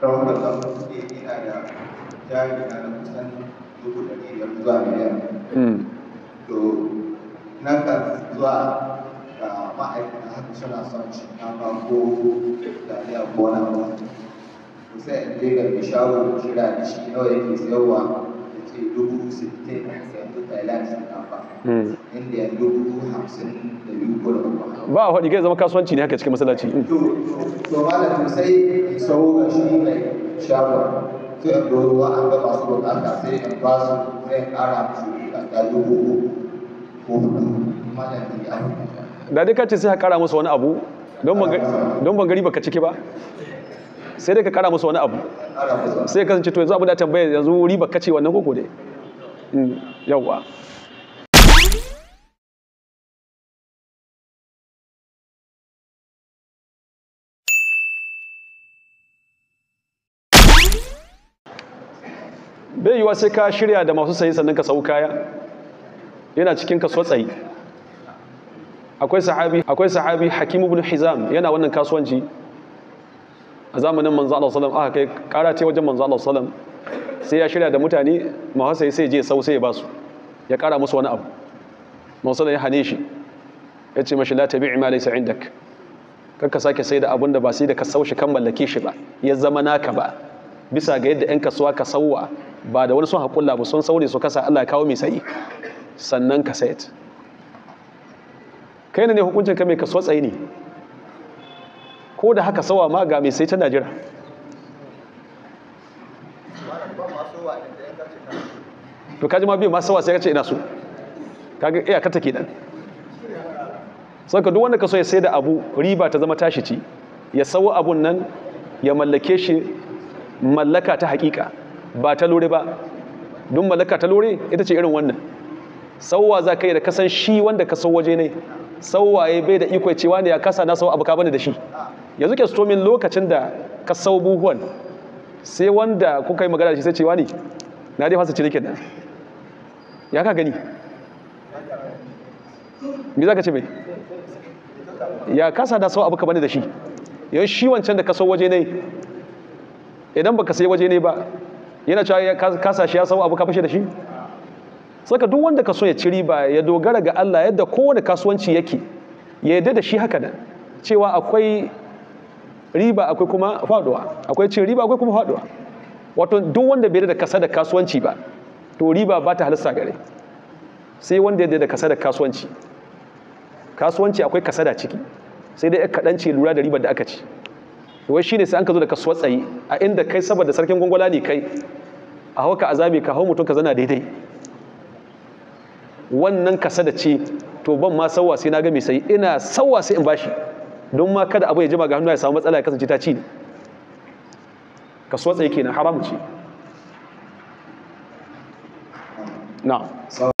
rawar da za su ce ina da jari na kusan dubu da biyar zuwa miliyan hmm. to na kan zuwa ga ma'aikata haka suna son shinkafa ko da ko wani abu sai in je ga mai shago shira da shi nawa yake sayarwa Hmm. ba a faɗi kai zama kasuwanci ne haka cikin masallaci to malam sai sau kara musu da dai kace sai ka kara musu wani abu don ban gari baka ciki ba sai dai ka kara musu wani abu sai kasance to yanzu abu da tambaya yanzu riba kace wannan koko dai hmm, yawwa bai yiwa sai ka shirya da masu sayi sannan ka sau kaya yana cikin kasuwa tsayi akwai sahabi akwai sahabi hizam yana wannan kasuwanci a zamanin manzo Allah sallam aka kai kara ce wajen manzo Allah sallam sai ya shirya da mutane mahasai sai je sau sai ya basu ya kara musu wani abu manzo ya hane shi ya ce mashi la tabi'i ma laysa indak kanka sake sai da abun da ba sai da ka saushi kan mallake shi ba ya zama naka ba bisa ga yadda 'yan kasuwa ka sauwa ba da wani sun haƙulla ba sun saure su kasa Allah kawo mai sayi sannan ka sayat kai ne hukuncin ka mai kasuwa tsayi ne ko da haka sawa ma ga mai sai tana jira to kaji ma biyu ma sawa sai ka ce ina so kaga iya kata nan. saka duk wanda ka so ya sai da abu riba ta zama tashi ci ya sawo abun nan ya mallake shi mallaka ta hakika ba ta lore ba don mallaka ta lore ita ce irin wannan sauwa za ka yi da kasan shi wanda ka sau waje ne sauwaye bai da iko cewa ne ya kasa na sau abu ka bane da shi yanzu ke stomin lokacin da ka sau buhuwan sai wanda kuka yi magana shi sai cewa ne na dai fasa cirikin nan ya ka gani me za ka ce mai ya kasa da sau abu ka bani da shi yan shi wancan da ka sau waje ne idan baka sai waje ne ba yana cewa ya kasa shi ya sau abu ka fashe da shi saka duk wanda ka so ya ciri ba ya dogara ga Allah yadda kowane kasuwanci yake ya yadda da shi haka nan cewa akwai riba akwai kuma faduwa akwai cin riba akwai kuma faduwa wato duk wanda bai da kasa da kasuwanci ba to riba ba ta halasta gare sai wanda ya da kasa da kasuwanci kasuwanci akwai kasa da ciki sai dai kaɗan ce lura da ribar da aka ci wai shine sai an ka zo da kasuwa tsaye a inda kai saboda sarkin gwangwala ne kai a hauka azabi ka hau mutum ka zana daidai wannan kasa da ce to ban ma sauwa sai na ga mai sai ina sauwa sai in bashi don ma kada abu ya jima ga hannu ya samu matsala ya kasance ta ci ne kasuwa tsaye kenan haram ce Na.